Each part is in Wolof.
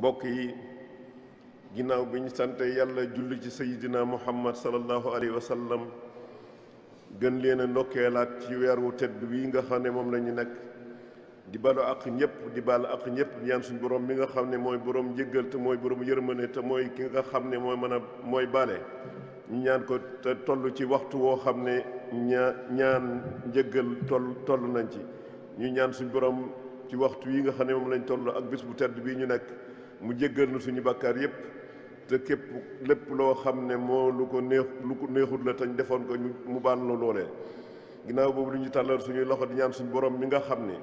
mbokk yi ginnaaw bi ñu sante yàlla julli ci sayidina muhammad sallallahu alayhi wa sallam gën leen a ndokkeelaat ci weer wu tedd wi nga xam ne moom la ñu nekk di balu ak ñëpp di bal ak ñëpp ñaan suñu borom mi nga xam ne mooy borom njëggal te mooy borom yërmane te mooy ki nga xam ne mooy mën a mooy bale ñu ñaan ko te toll ci waxtu woo xam ne ñaa ñaan njëggal toll toll nañ ci ñu ñaan suñu borom ci waxtu yi nga xam ne moom lañ toll ak bis bu tedd bii ñu nekk mu jéggal nu suñu bàkkaar yépp te képp lépp loo xam ne moo lu ko neex lu ko neexut la tañ defoon ko ñu mu baal nu loolee ginnaaw boobu lu ñuy tàllal suñuy loxo di ñaan suñu borom mi nga xam ne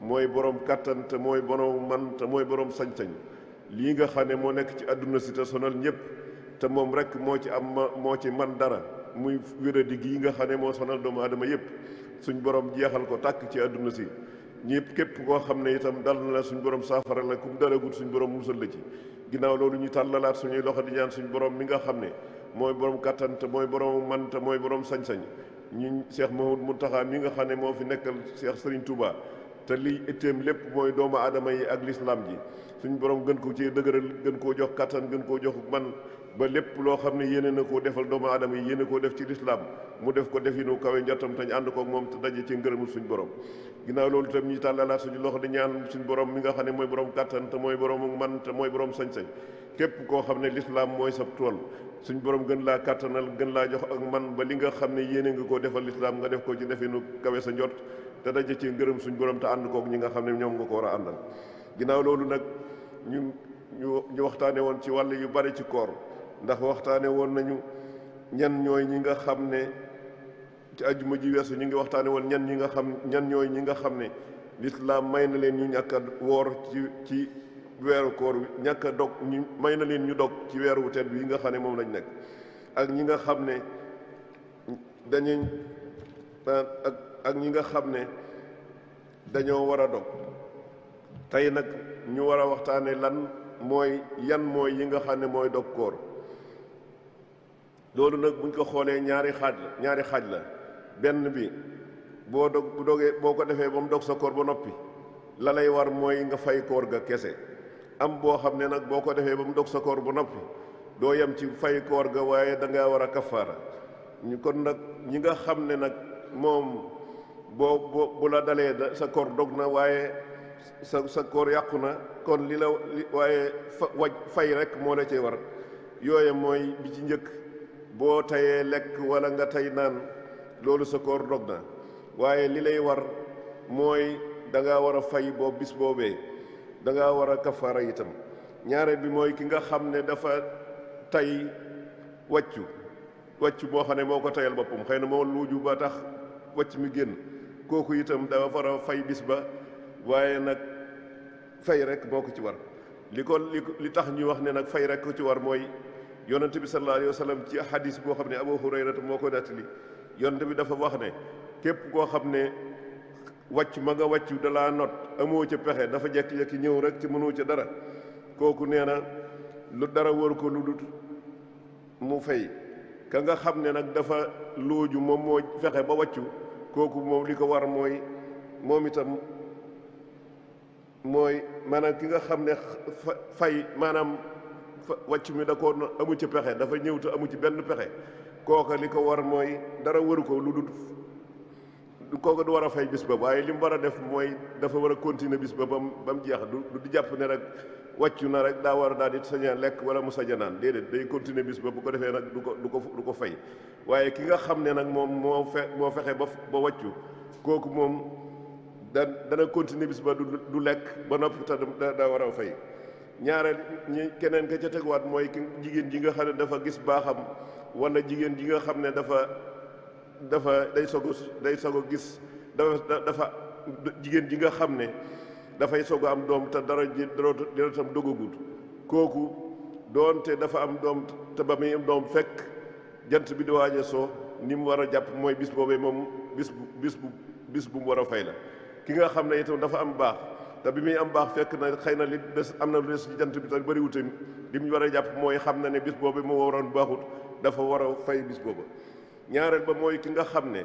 mooy borom kàttan te mooy borom man te mooy borom sañ-sañ lii nga xam ne moo nekk ci àdduna si te sonal ñëpp te moom rek moo ci am moo ci man dara muy digg yi nga xam ne moo sonal doomu adama yëpp suñ borom jeexal ko tàkk ci àdduna si ñëpp képp koo xam ne itam dal na la suñu borom saafara la kum dalagut suñu borom musal la ci ginnaaw loolu ñu tàllalaat suñuy loxo di ñaan suñu borom mi nga xam ne mooy borom kattan te mooy borom man te mooy borom sañ-sañ ñu Cheikh Mahmoud Mountakha mi nga xam ne moo fi nekkal Cheikh Serigne Touba te lii itteem lépp mooy doomu aadama yi ak lislaam ji suñu borom gën ko ci dëgëral gën koo jox kattan gën koo joxu man ba lépp loo xam ne yéene na koo defal doomu aadama yi yéene koo def ci lislaam mu def ko definu kawe njottam tañ ànd kook moom te daje ci suñu borom ginnaaw loolu itam ñu tàllalaat suñu loxo di ñaan suñu borom mi nga xam ne mooy borom kàttan te mooy borom man te mooy borom sañ-sañ képp koo xam ne lislaam mooy sa tool suñu borom gën laa kàttanal gën laa jox ak man ba li nga xam ne yéene nga koo defal lislaam nga def ko ci definu kawe sa njot te daje ci ngërëm suñu borom te ànd kook ñi nga xam ne ñoom nga ko war a àndal ginnaaw loolu nag ñu ñu ñu waxtaane woon ci wàll yu bari ci koor ndax waxtaane woon nañu ñan ñooy ñi nga xam ne ci àjjuma ji weesu ñu ngi waxtaane woon ñan ñi nga xam ñan ñooy ñi nga xam ne lislaam may na leen ñu ñàkk woor ci ci weeru koor wi ñàkk dog ñu may na leen ñu dog ci weer wu tedd bi yi nga xam ne moom lañ nekk ak ñi nga xam ne dañuy ak ñi nga xam ne dañoo war a dog tey nag ñu war a waxtaane lan mooy yan mooy yi nga xam ne mooy dog koor loolu nag buñ ko xoolee ñaari xaaj la ñaari xaaj la benn bi boo dog bu dogee boo ko defee ba mu dog sa koor ba noppi la lay war mooy nga fay koor ga kese am boo xam ne nag boo ko defee ba mu dog sa koor ba noppi doo yem ci fay koor ga waaye da ngaa war a kafaara ñu kon nag ñi nga xam ne nag moom boo boo bu la dalee da sa koor dog na waaye sa sa koor yàqu na kon li la waaye fa waj fay rek moo la cay war yooye mooy bi ci njëkk boo tayee lekk wala nga tey naan loolu sa koor dog na waaye li lay war mooy dangaa war a fay boo bis boobee dangaa war a kafaara itam ñaare bi mooy ki nga xam ne dafa tay wàccu wàccu boo xam ne moo ko tayal boppam xay na moo luuju ba tax wàcc mi génn kooku itam dafa war a fay bis ba waaye nag fay rek moo ko ci war li ko li li tax ñuy wax ne nag fay rek ko ci war mooy yonent bi sallallahu alayhi wa sallam ci hadis boo xam ne Abu Hurayrata moo ko nettali yonte bi dafa wax ne képp koo xam ne wàcc ma nga wàcc dalaa not amoo ca pexe dafa jekki-jekki ñëw rek ci mënoo ca dara kooku nee na lu dara wër ko lu dut mu fay ka nga xam ne nag dafa looju moom moo fexe ba wàccu kooku moom li ko war mooy moom itam mooy maanaam ki nga xam ne fay maanaam wàcc mi da ko amu ci pexe dafa ñëw te amu ci benn pexe kooka li ko war mooy dara waru ko lu dul kooka du war a fay bis ba waaye li mu war a def mooy dafa war a continuer bis ba ba mu ba mu jeex du di jàpp ne rek wàccu na rek daa war a daal di sañ lekk wala mu sañ naan déedéet day continuer bis bu ko defee nag du ko du ko du ko fay waaye ki nga xam ne nag moom moo fe moo fexe ba ba wàccu kooku moom da dana continuer bis du du lekk ba noppi te daa war a fay ñaareel ñi keneen ka ca teguwaat mooy ki jigéen ji nga xam ne dafa gis baaxam. wala jigéen ji nga xam ne dafa dafa day sogo day sogo gis dafa dafa jigéen ji nga xam ne dafay sogo am doom te dara dara tam dogagut kooku doonte dafa am doom te ba muy am doom fekk jant bi di waaj soo ni mu war a jàpp mooy bis boobee moom bis bu bis bu bis bu mu war a fay la ki nga xam ne itam dafa am baax te bi muy am baax fekk na xëy na li des am na lu des jant bi te bëriwutam li mu war a jàpp mooy xam na ne bis boobu moo waroon baaxut dafa war a fay bis booba ñaareel ba mooy ki nga xam ne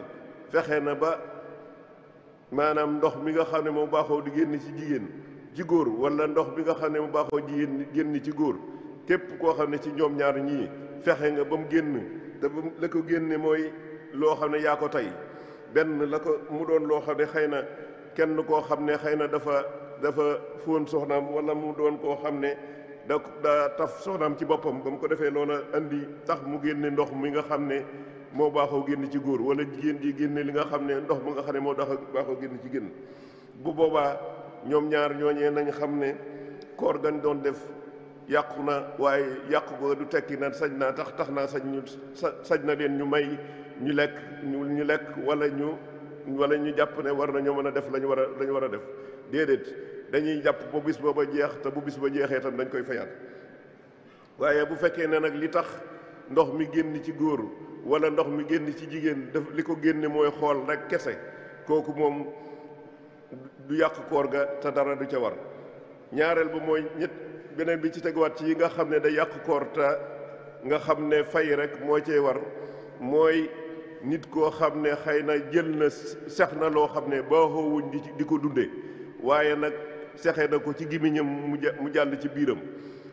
fexe na ba maanaam ndox mi nga xam ne moo baaxoo di génn ci jigéen ci góor wala ndox bi nga xam ne mu baaxoo jigéen génn ci góor képp koo xam ne ci ñoom ñaar ñii fexe nga ba mu génn te ba la ko génne mooy loo xam ne yaa ko tey benn la ko mu doon loo xam ne xëy na kenn koo xam ne xëy na dafa dafa fóon soxnaam wala mu doon koo xam ne da daa taf soxnaam ci boppam ba mu ko defee loola indi tax mu génne ndox mi nga xam ne moo baaxoo génn ci góor wala jigéen ji génne li nga xam ne ndox mu nga xam ne moo tax baaxoo génn ci bu boobaa ñoom ñaar ñooñee nañ xam ne koor gan doon def yàqu na waaye yàqu ko du tekki na sañ naa tax tax naa sañ ñu sañ na leen ñu may ñu lekk ñu ñu lekk wala ñu wala ñu jàpp ne war na ñoo mën a def la war a la ñu war a def déedéet dañuy jàpp ba bis booba jeex te bu bis ba jeexee tam dañ koy fayaat waaye bu fekkee ne nag li tax ndox mi génn ci góor wala ndox mi génn ci jigéen daf li ko génne mooy xool rek kese kooku moom du yàq koor ga te dara du ca war ñaareel ba mooy ñett beneen bi ci teguwaat ci yi nga xam ne day yàq koor te nga xam ne fay rek moo cay war mooy nit koo xam ne xëy na jël na sex na loo xam ne baaxoowuñ di di ko dundee waaye nag sexe na ko ci gémmiñam mu jàll ci biiram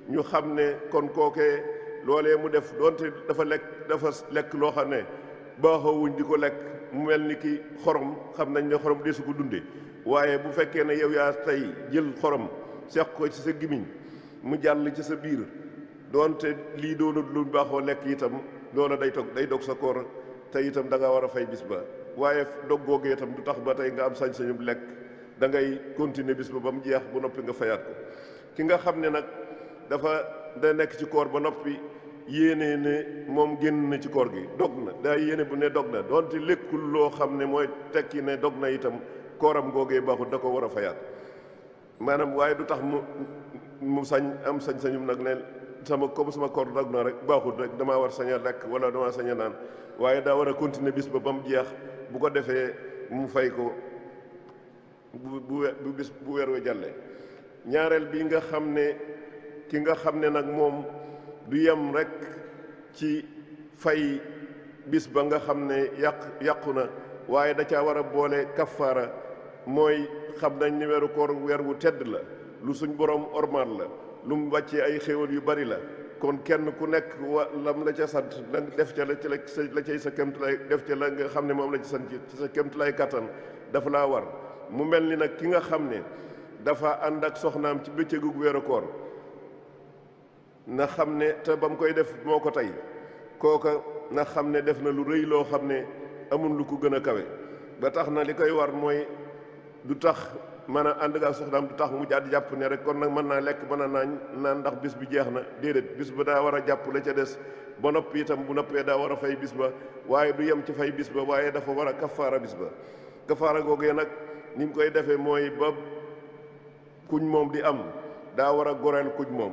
ñu xam ne kon kookee loole mu def doonte dafa lekk dafa lekk loo xam ne baaxoowuñ di ko lekk mu mel ni ki xorom xam nañ ne xorom deesu ko dunde waaye bu fekkee ne yow yaa tey jël xorom seq ko ci sa gémmiñ mu jàll ci sa biir doonte lii doonut lu baaxoo lekk itam loola day tog day dog sa koor te itam da nga war a fay bis ba waaye dog googee itam du tax ba tey nga am sañ-sañu lekk da ngay continuer bis ba ba mu jeex bu noppi nga fayaat ko ki nga xam ne nag dafa da nekk ci koor ba noppi yéene ne moom génn na ci koor gi dog na daa yéene bu ne dog na donte lekkul loo xam ne mooy tekki ne dog na itam kooram googee baaxut da ko war a fayaat maanaam waaye du tax mu mu sañ am sañ-sañum nag ne sama comme sama koor dog na rek baaxut rek damaa war sañ a lekk wala damaa sañ naan waaye daa war a continuer bis ba ba mu jeex bu ko defee mu fay ko bu bu bis bu weer wa jàlle ñaareel bi nga xam ne ki nga xam ne nag moom du yem rek ci fay bis ba nga xam ne yàq yàqu na waaye da caa war a boole kaffaara mooy xam nañ ni weeru koor weer wu tedd la lu suñ borom ormaal la lu mu wàccee ay xéewal yu bari la kon kenn ku nekk wa lam la ca sant da def ca la ca la cay sa kémtulay def ca la nga xam ne moom la ci sant ci sa kémtulay kattan dafa laa war mu mel ni nag ki nga xam ne dafa ànd ak soxnaam ci bëccëgug weeru koor na xam ne te ba mu koy def moo ko tey kooka na xam ne def na lu rëy loo xam ne amul lu ko gën a kawe ba tax na li koy war mooy du tax mën a ànd ak soxnaam du tax mu jàdd jàpp ne rek kon nag mën naa lekk mën a naan naan ndax bis bi jeex na déedéet bis ba daa war a jàpp la ca des ba noppi itam bu noppee daa war a fay bis ba waaye du yem ci fay bis ba waaye dafa war a kafaara bis ba ni mu koy defee mooy ba kuñ moom di am daa war a goreel kuñ moom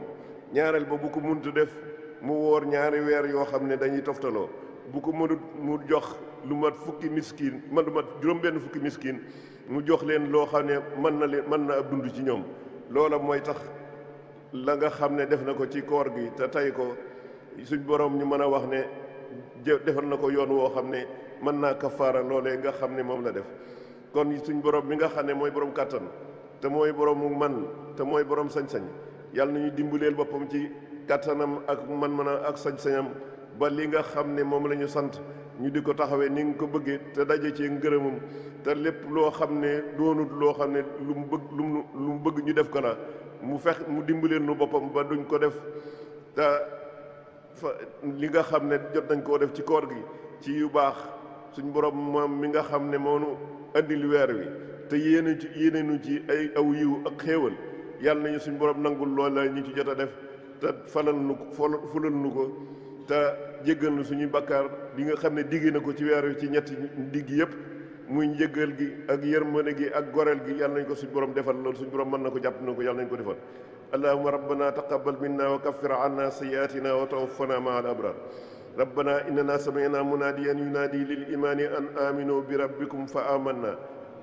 ñaareel ba bu ko muntu def mu woor ñaari weer yoo xam ne dañuy toftaloo bu ko mënut mu jox lu mat fukki miskin man lu mat juróom-benn fukki miskin mu jox leen loo xam ne mën na leen mën na ab ci ñoom loola mooy tax la nga xam ne def na ko ci koor gi te tey ko suñ borom ñu mën a wax ne defal na ko yoon woo xam ne mën naa kafaara loolee nga xam ne moom la def kon suñ borom mi nga xam ne mooy boroom kàttan te mooy boroomu mu man te mooy boroom sañ-sañ yàlla nañu dimbaleel boppam ci kàttanam ak man-manam ak sañ-sañam ba li nga xam ne moom lañu sant ñu di ko taxawee ni nga ko bëggee te daje ci ngërëmam te lépp loo xam ne doonut loo xam ne lu mu bëgg bëgg ñu def ko la mu fex mu dimbaleel nu boppam ba duñ ko def te fa li nga xam ne jot nañ koo def ci koor gi ci yu baax suñ borom moom mi nga xam ne moonu andil weer wi te yéene ci yéeneenu ci ay aw yiw ak xéewal yàlla nañu suñ borom nangul loola ñu ci jot a def te falal nu fulal nu ko te jéggal nu suñuy bakkaar bi nga xam ne digg na ko ci weer wi ci ñetti digg yëpp muy njëggal gi ak yërmande gi ak goreel gi yàlla nañ ko suñ borom defal loolu suñ borom mën na ko jàpp na ko yàlla nañ ko defal allahuma rabbana taqabal minna wa kaffir anna sayyi'atina wa tawaffana ma al abrar ربنا إننا سمعنا مناديا ينادي للإيمان أن آمنوا بربكم فآمنا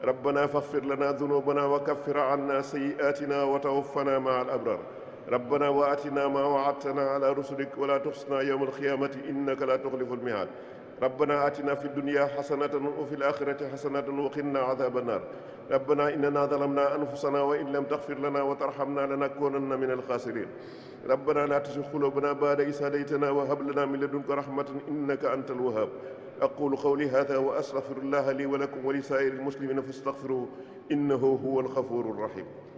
ربنا فاغفر لنا ذنوبنا وكفر عنا سيئاتنا وتوفنا مع الأبرار ربنا وآتنا ما وعدتنا على رسلك ولا تخصنا يوم القيامة إنك لا تخلف الميعاد ربنا آتنا في الدنيا حسنة وفي الآخرة حسنة وقنا عذاب النار ربنا إننا ظلمنا أنفسنا وإن لم تغفر لنا وترحمنا لنكونن من الخاسرين ربنا لا تزغ قلوبنا بعد إذ هديتنا وهب لنا من لدنك رحمة إنك أنت الوهاب أقول قولي هذا وأستغفر الله لي ولكم ولسائر المسلمين فاستغفروه إنه هو الغفور الرحيم